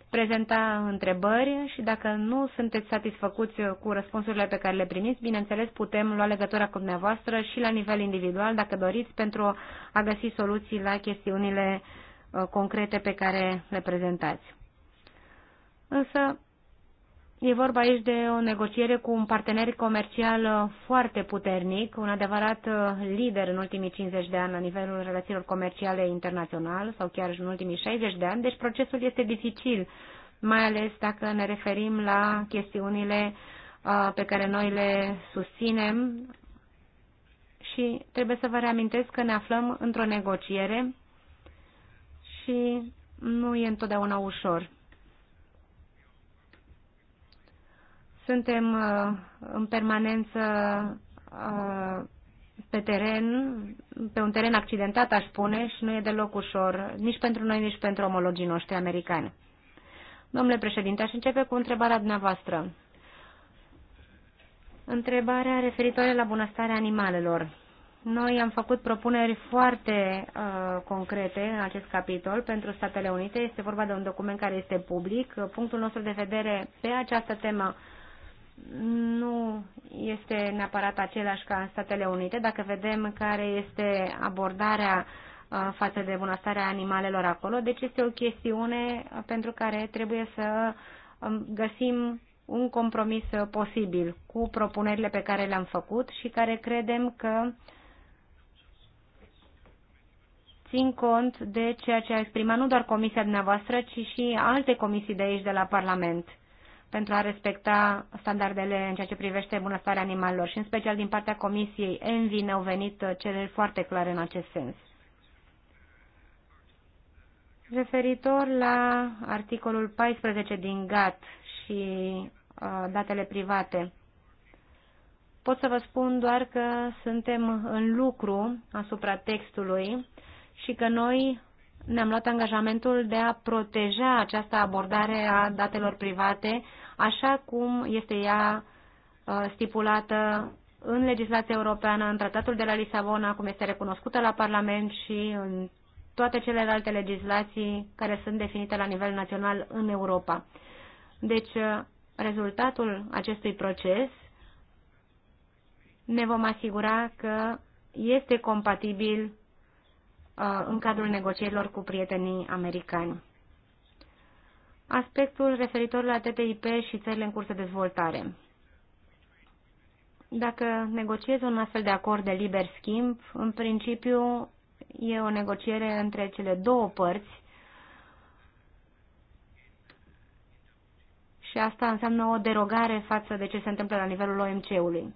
prezenta întrebări și dacă nu sunteți satisfăcuți uh, cu răspunsurile pe care le primiți, bineînțeles putem lua legătura cu dumneavoastră și la nivel individual, dacă doriți, pentru a găsi soluții la chestiunile uh, concrete pe care le prezentați. Însă, E vorba aici de o negociere cu un partener comercial uh, foarte puternic, un adevărat uh, lider în ultimii 50 de ani la nivelul relațiilor comerciale internațional sau chiar și în ultimii 60 de ani, deci procesul este dificil, mai ales dacă ne referim la chestiunile uh, pe care noi le susținem și trebuie să vă reamintesc că ne aflăm într-o negociere și nu e întotdeauna ușor. Suntem uh, în permanență uh, pe teren, pe un teren accidentat, aș spune, și nu e deloc ușor, nici pentru noi, nici pentru omologii noștri americani. Domnule președinte, aș începe cu întrebarea dumneavoastră. Întrebarea referitoare la bunăstarea animalelor. Noi am făcut propuneri foarte uh, concrete în acest capitol pentru Statele Unite. Este vorba de un document care este public. Punctul nostru de vedere pe această temă uh, nu este neapărat același ca în Statele Unite. Dacă vedem care este abordarea uh, față de bunăstarea animalelor acolo, deci este o chestiune uh, pentru care trebuie să um, găsim un compromis uh, posibil cu propunerile pe care le-am făcut și care credem că țin cont de ceea ce a exprimat nu doar comisia dumneavoastră, ci și alte comisii de aici de la Parlament pentru a respecta standardele în ceea ce privește bunăstarea animalelor și în special din partea Comisiei Envi ne-au venit uh, cereri foarte clare în acest sens. Referitor la articolul 14 din GATT și uh, datele private, pot să vă spun doar că suntem în lucru asupra textului și că noi ne-am luat angajamentul de a proteja această abordare a datelor private, așa cum este ea uh, stipulată în legislația europeană, în tratatul de la Lisabona, cum este recunoscută la Parlament și în toate celelalte legislații care sunt definite la nivel național în Europa. Deci, uh, rezultatul acestui proces ne vom asigura că este compatibil în cadrul negocierilor cu prietenii americani. Aspectul referitor la TTIP și țările în curs de dezvoltare. Dacă negociez un astfel de acord de liber schimb, în principiu e o negociere între cele două părți și asta înseamnă o derogare față de ce se întâmplă la nivelul OMC-ului.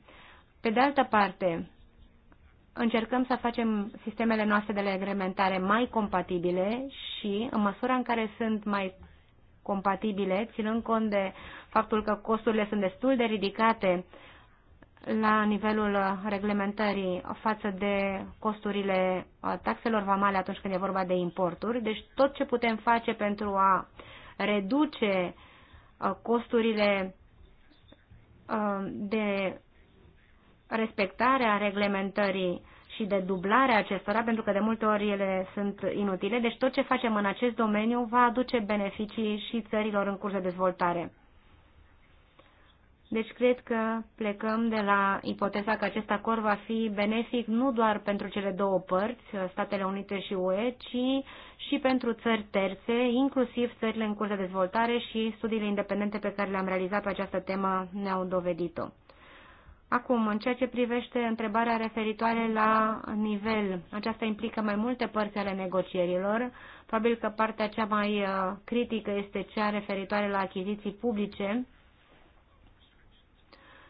Pe de altă parte, încercăm să facem sistemele noastre de reglementare mai compatibile și, în măsura în care sunt mai compatibile, ținând cont de faptul că costurile sunt destul de ridicate la nivelul reglementării față de costurile taxelor vamale atunci când e vorba de importuri. Deci tot ce putem face pentru a reduce uh, costurile uh, de respectarea reglementării și de dublarea acestora, pentru că de multe ori ele sunt inutile, deci tot ce facem în acest domeniu va aduce beneficii și țărilor în curs de dezvoltare. Deci cred că plecăm de la ipoteza că acest acord va fi benefic nu doar pentru cele două părți, Statele Unite și UE, ci și pentru țări terțe, inclusiv țările în curs de dezvoltare și studiile independente pe care le-am realizat pe această temă ne-au dovedit-o. Acum, în ceea ce privește întrebarea referitoare la nivel, aceasta implică mai multe părți ale negocierilor. Probabil că partea cea mai uh, critică este cea referitoare la achiziții publice.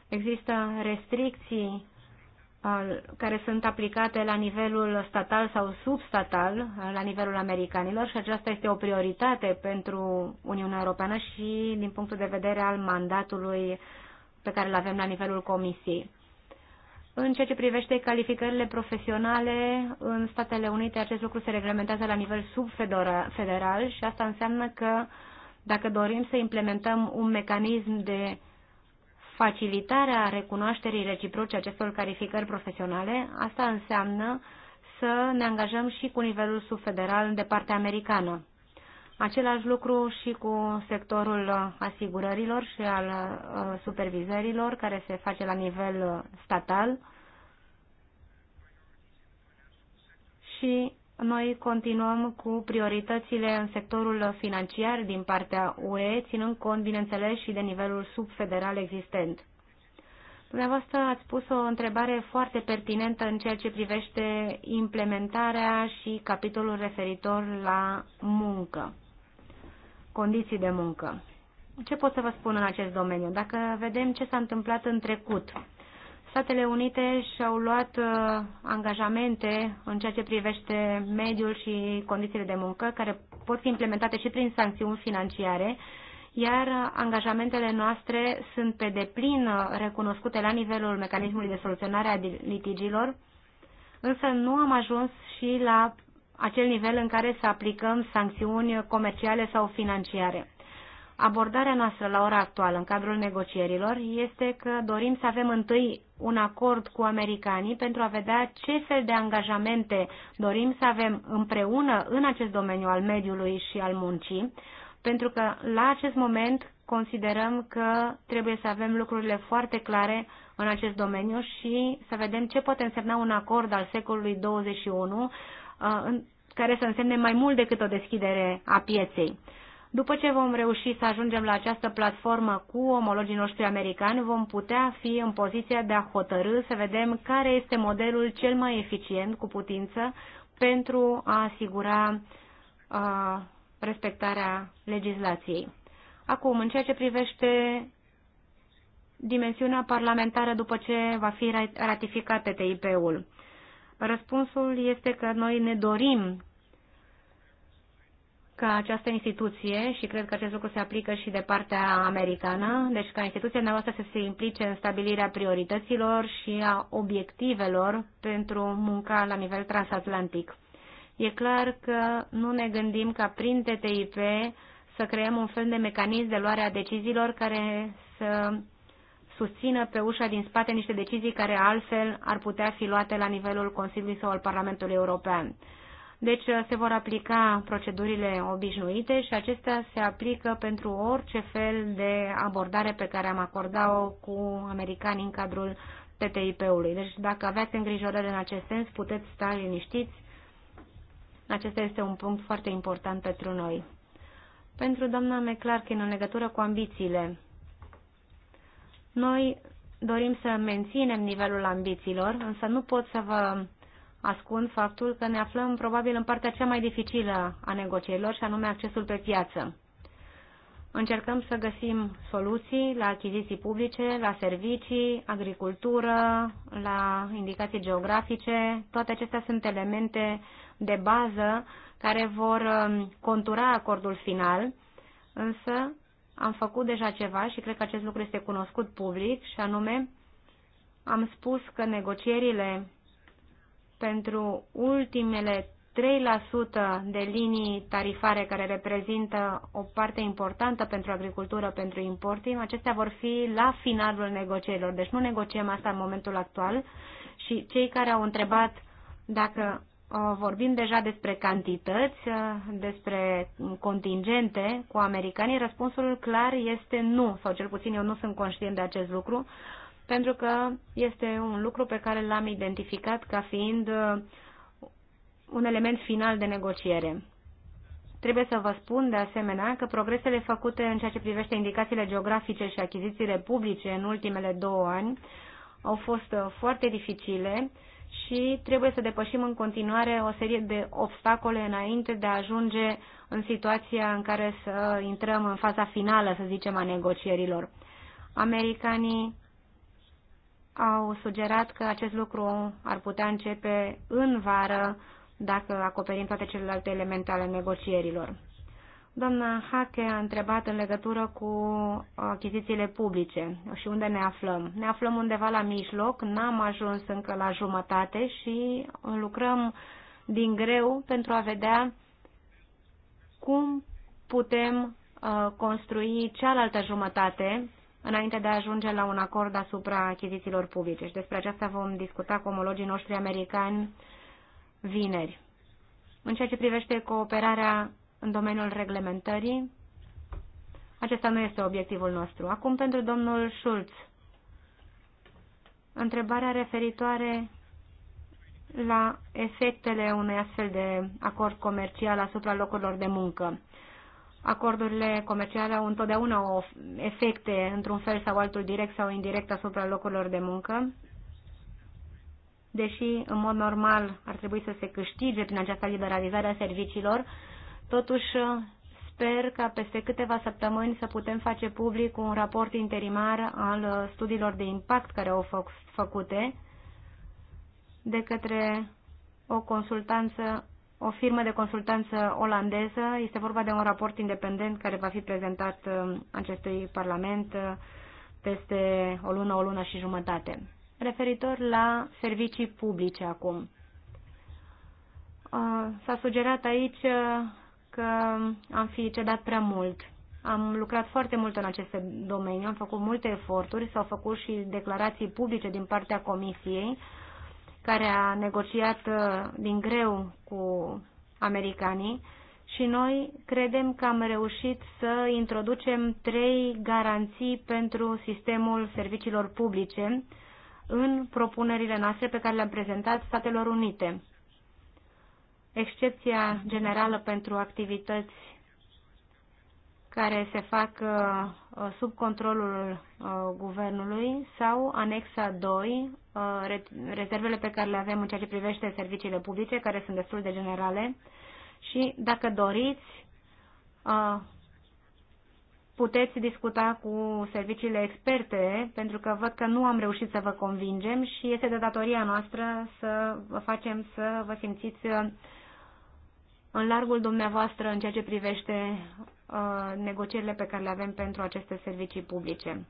Există restricții uh, care sunt aplicate la nivelul statal sau substatal, uh, la nivelul americanilor și aceasta este o prioritate pentru Uniunea Europeană și din punctul de vedere al mandatului uh, pe care îl avem la nivelul comisiei. În ceea ce privește calificările profesionale, în Statele Unite acest lucru se reglementează la nivel subfederal și asta înseamnă că dacă dorim să implementăm un mecanism de facilitare a recunoașterii reciproce acestor calificări profesionale, asta înseamnă să ne angajăm și cu nivelul subfederal de partea americană. Același lucru și cu sectorul asigurărilor și al uh, supervizărilor care se face la nivel uh, statal. Și noi continuăm cu prioritățile în sectorul financiar din partea UE, ținând cont, bineînțeles, și de nivelul subfederal existent. Dumneavoastră ați pus o întrebare foarte pertinentă în ceea ce privește implementarea și capitolul referitor la muncă condiții de muncă. Ce pot să vă spun în acest domeniu? Dacă vedem ce s-a întâmplat în trecut, Statele Unite și-au luat uh, angajamente în ceea ce privește mediul și condițiile de muncă, care pot fi implementate și prin sancțiuni financiare, iar angajamentele noastre sunt pe deplin recunoscute la nivelul mecanismului de soluționare a litigilor, însă nu am ajuns și la acel nivel în care să aplicăm sancțiuni comerciale sau financiare. Abordarea noastră la ora actuală în cadrul negocierilor este că dorim să avem întâi un acord cu americanii pentru a vedea ce fel de angajamente dorim să avem împreună în acest domeniu al mediului și al muncii, pentru că la acest moment considerăm că trebuie să avem lucrurile foarte clare în acest domeniu și să vedem ce poate însemna un acord al secolului 21 care să însemne mai mult decât o deschidere a pieței. După ce vom reuși să ajungem la această platformă cu omologii noștri americani, vom putea fi în poziția de a hotărâ să vedem care este modelul cel mai eficient cu putință pentru a asigura uh, respectarea legislației. Acum, în ceea ce privește dimensiunea parlamentară după ce va fi ratificat TTIP-ul. Răspunsul este că noi ne dorim ca această instituție, și cred că acest lucru se aplică și de partea americană, deci ca instituția noastră să se implice în stabilirea priorităților și a obiectivelor pentru munca la nivel transatlantic. E clar că nu ne gândim ca prin TTIP să creăm un fel de mecanism de luare a deciziilor care să susțină pe ușa din spate niște decizii care altfel ar putea fi luate la nivelul Consiliului sau al Parlamentului European. Deci uh, se vor aplica procedurile obișnuite și acestea se aplică pentru orice fel de abordare pe care am acordat-o cu americanii în cadrul TTIP-ului. Deci dacă aveți îngrijorări în acest sens, puteți sta liniștiți. Acesta este un punct foarte important pentru noi. Pentru doamna McClarkin, în legătură cu ambițiile, noi dorim să menținem nivelul ambițiilor, însă nu pot să vă ascund faptul că ne aflăm probabil în partea cea mai dificilă a negocierilor și anume accesul pe piață. Încercăm să găsim soluții la achiziții publice, la servicii, agricultură, la indicații geografice. Toate acestea sunt elemente de bază care vor contura acordul final, însă am făcut deja ceva și cred că acest lucru este cunoscut public și anume am spus că negocierile pentru ultimele 3% de linii tarifare care reprezintă o parte importantă pentru agricultură, pentru importuri, acestea vor fi la finalul negocierilor. Deci nu negociem asta în momentul actual și cei care au întrebat dacă Uh, vorbim deja despre cantități, uh, despre contingente cu americanii, răspunsul clar este nu, sau cel puțin eu nu sunt conștient de acest lucru, pentru că este un lucru pe care l-am identificat ca fiind uh, un element final de negociere. Trebuie să vă spun, de asemenea, că progresele făcute în ceea ce privește indicațiile geografice și achizițiile publice în ultimele două ani au fost foarte dificile, și trebuie să depășim în continuare o serie de obstacole înainte de a ajunge în situația în care să intrăm în faza finală, să zicem, a negocierilor. Americanii au sugerat că acest lucru ar putea începe în vară dacă acoperim toate celelalte elemente ale negocierilor. Doamna Hache a întrebat în legătură cu achizițiile publice și unde ne aflăm. Ne aflăm undeva la mijloc, n-am ajuns încă la jumătate și lucrăm din greu pentru a vedea cum putem uh, construi cealaltă jumătate înainte de a ajunge la un acord asupra achizițiilor publice. Și despre aceasta vom discuta cu omologii noștri americani vineri. În ceea ce privește cooperarea în domeniul reglementării. Acesta nu este obiectivul nostru. Acum pentru domnul Schulz. Întrebarea referitoare la efectele unui astfel de acord comercial asupra locurilor de muncă. Acordurile comerciale au întotdeauna o efecte, într-un fel sau altul, direct sau indirect, asupra locurilor de muncă, deși, în mod normal, ar trebui să se câștige prin această liberalizare a serviciilor, Totuși, sper ca peste câteva săptămâni să putem face public un raport interimar al studiilor de impact care au fost făcute de către o consultanță, o firmă de consultanță olandeză. Este vorba de un raport independent care va fi prezentat uh, acestui Parlament uh, peste o lună, o lună și jumătate. Referitor la servicii publice acum. Uh, s-a sugerat aici că am fi cedat prea mult. Am lucrat foarte mult în aceste domenii, am făcut multe eforturi, s-au făcut și declarații publice din partea Comisiei, care a negociat uh, din greu cu americanii și noi credem că am reușit să introducem trei garanții pentru sistemul serviciilor publice în propunerile noastre pe care le-am prezentat Statelor Unite excepția generală pentru activități care se fac uh, uh, sub controlul uh, guvernului sau anexa 2, rezervele pe care le avem în ceea ce privește serviciile publice, care sunt destul de generale. Și dacă doriți, puteți discuta cu serviciile experte, pentru că văd că nu am reușit să vă convingem și este de datoria noastră să vă facem să vă simțiți în largul dumneavoastră în ceea ce privește uh, negocierile pe care le avem pentru aceste servicii publice.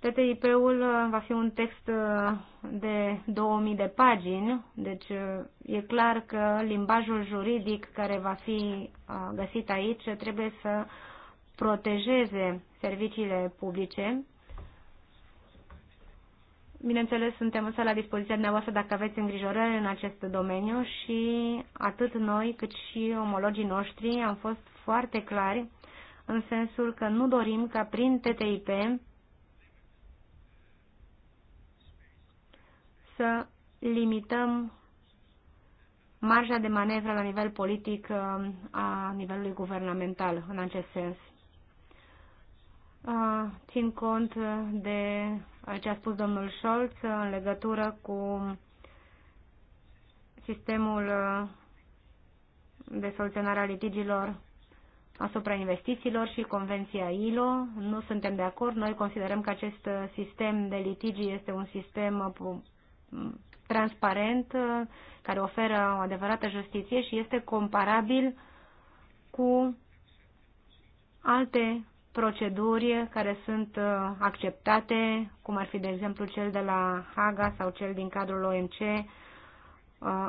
TTIP-ul uh, va fi un text uh, de 2000 de pagini, deci uh, e clar că limbajul juridic care va fi găsit aici trebuie să protejeze serviciile publice. Bineînțeles, suntem însă la dispoziția dumneavoastră dacă aveți îngrijorări în acest domeniu și atât noi cât și omologii noștri am fost foarte clari în sensul că nu dorim ca prin TTIP să limităm marja de manevră la nivel politic uh, a nivelului guvernamental în acest sens. Uh, țin cont de ce a spus domnul Scholz în legătură cu sistemul uh, de soluționare a litigilor asupra investițiilor și Convenția ILO. Nu suntem de acord. Noi considerăm că acest sistem de litigi este un sistem transparent, uh, care oferă o adevărată justiție și este comparabil cu alte proceduri care sunt uh, acceptate, cum ar fi, de exemplu, cel de la Haga sau cel din cadrul OMC, uh,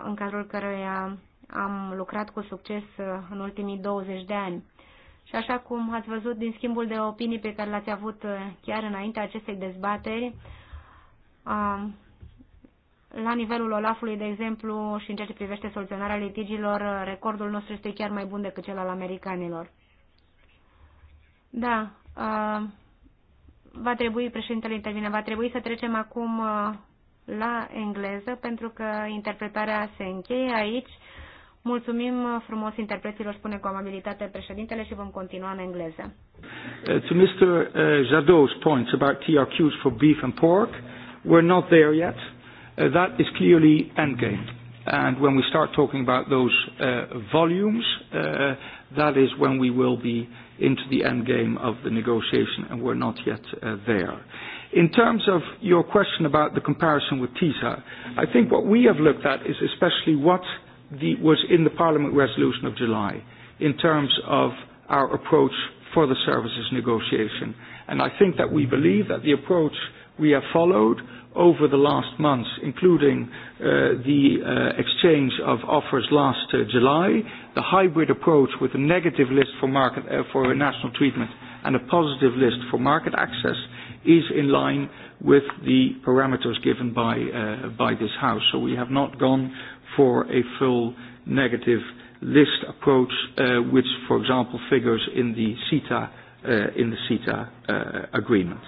în cadrul căruia am lucrat cu succes în ultimii 20 de ani. Și așa cum ați văzut din schimbul de opinii pe care l-ați avut chiar înaintea acestei dezbateri, la nivelul Olafului, de exemplu, și în ceea ce privește soluționarea litigilor, recordul nostru este chiar mai bun decât cel al americanilor. Da, uh, va trebui, președintele intervine, va trebui să trecem acum uh, la engleză, pentru că interpretarea se încheie aici. Mulțumim frumos interpreților, spune cu amabilitate președintele și vom continua în engleză. Uh, to Mr. Jadot's points about TRQs for beef and pork, we're not there yet. Uh, that is clearly endgame. And when we start talking about those uh, volumes, uh, that is when we will be into the endgame of the negotiation, and we're not yet uh, there. In terms of your question about the comparison with TISA, I think what we have looked at is especially what the, was in the Parliament resolution of July in terms of our approach for the services negotiation. And I think that we believe that the approach we have followed over the last months, including uh, the uh, exchange of offers last uh, July, the hybrid approach with a negative list for, market, uh, for national treatment and a positive list for market access is in line with the parameters given by, uh, by this House. So we have not gone for a full negative list approach, uh, which, for example, figures in the CETA, uh, in the CETA uh, agreement.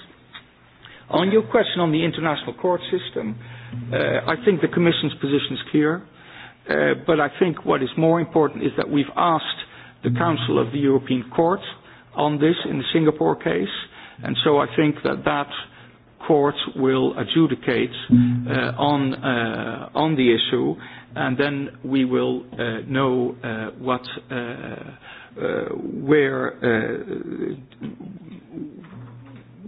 On your question on the international court system, uh, I think the Commission's position is clear. Uh, but I think what is more important is that we've asked the Council of the European Court on this in the Singapore case, and so I think that that court will adjudicate uh, on uh, on the issue, and then we will uh, know uh, what uh, uh, where uh,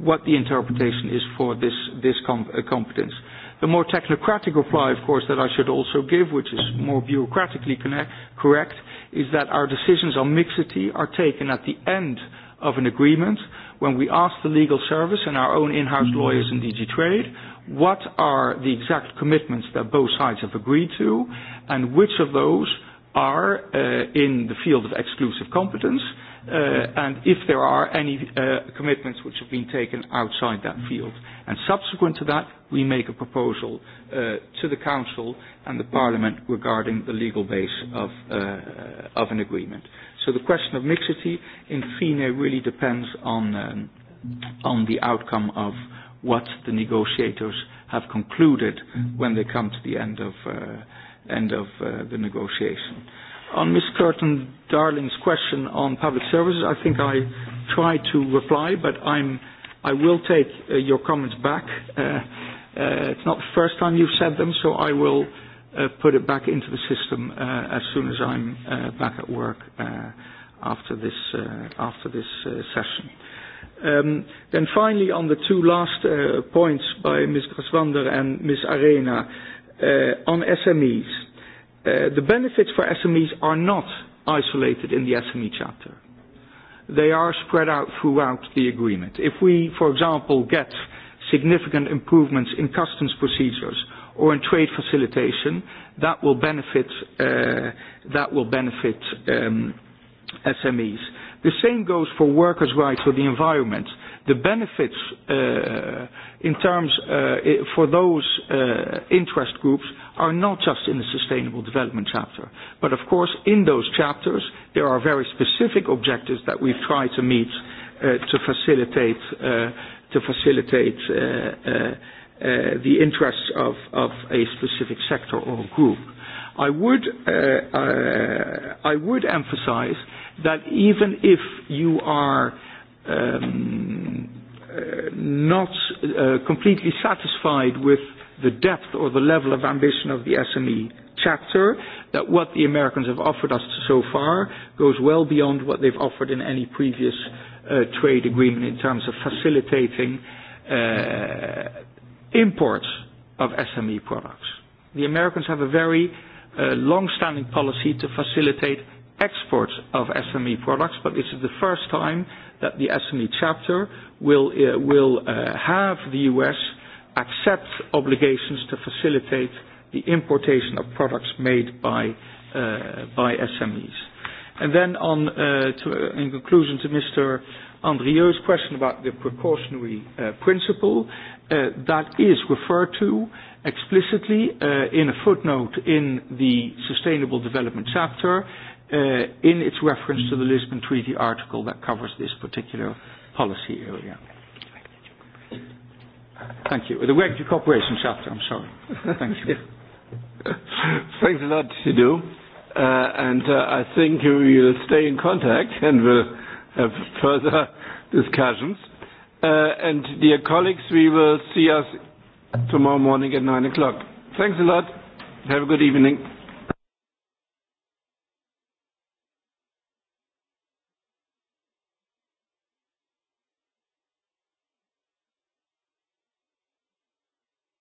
what the interpretation is for this, this com- uh, competence. The more technocratic reply, of course, that I should also give, which is more bureaucratically connect, correct, is that our decisions on mixity are taken at the end of an agreement when we ask the legal service and our own in-house lawyers in DG Trade what are the exact commitments that both sides have agreed to and which of those are uh, in the field of exclusive competence uh, and if there are any uh, commitments which have been taken outside that field. And subsequent to that, we make a proposal uh, to the Council and the Parliament regarding the legal base of, uh, of an agreement. So the question of mixity in FINE really depends on, um, on the outcome of what the negotiators have concluded when they come to the end of, uh, end of uh, the negotiation. On Ms. Curtin Darling's question on public services, I think I tried to reply, but I'm, I will take uh, your comments back. Uh, uh, it's not the first time you've said them, so I will uh, put it back into the system uh, as soon as I'm uh, back at work uh, after this, uh, after this uh, session. Um, then finally, on the two last uh, points by Ms. Graswander and Ms. Arena uh, on SMEs. Uh, the benefits for SMEs are not isolated in the SME chapter. They are spread out throughout the agreement. If we, for example, get significant improvements in customs procedures or in trade facilitation, that will benefit, uh, that will benefit um, SMEs. The same goes for workers' rights or the environment. Uh, the benefits uh, uh, in terms uh, for those uh, interest groups are not just in the sustainable development chapter. But of course, in those chapters, there are very specific objectives that we've tried to meet uh, to facilitate, uh, to facilitate uh, uh, uh, the interests of, of a specific sector or group. I would, uh, uh, I would emphasize that even if you are um, not uh, completely satisfied with the depth or the level of ambition of the SME chapter, that what the Americans have offered us so far goes well beyond what they've offered in any previous uh, trade agreement in terms of facilitating uh, imports of SME products. The Americans have a very uh, long-standing policy to facilitate exports of SME products, but this is the first time that the SME chapter will, uh, will uh, have the US accept obligations to facilitate the importation of products made by, uh, by SMEs. And then on, uh, to, uh, in conclusion to Mr. Andrieu's question about the precautionary uh, principle, uh, that is referred to explicitly uh, in a footnote in the Sustainable Development chapter, uh, in its reference to the Lisbon Treaty article that covers this particular policy area. Thank you. The Regulatory Cooperation chapter, I'm sorry. Thank you. Thanks a lot, Sidhu. Uh, and uh, I think we will stay in contact and we'll have further discussions. Uh, and dear colleagues, we will see us tomorrow morning at 9 o'clock. Thanks a lot. Have a good evening.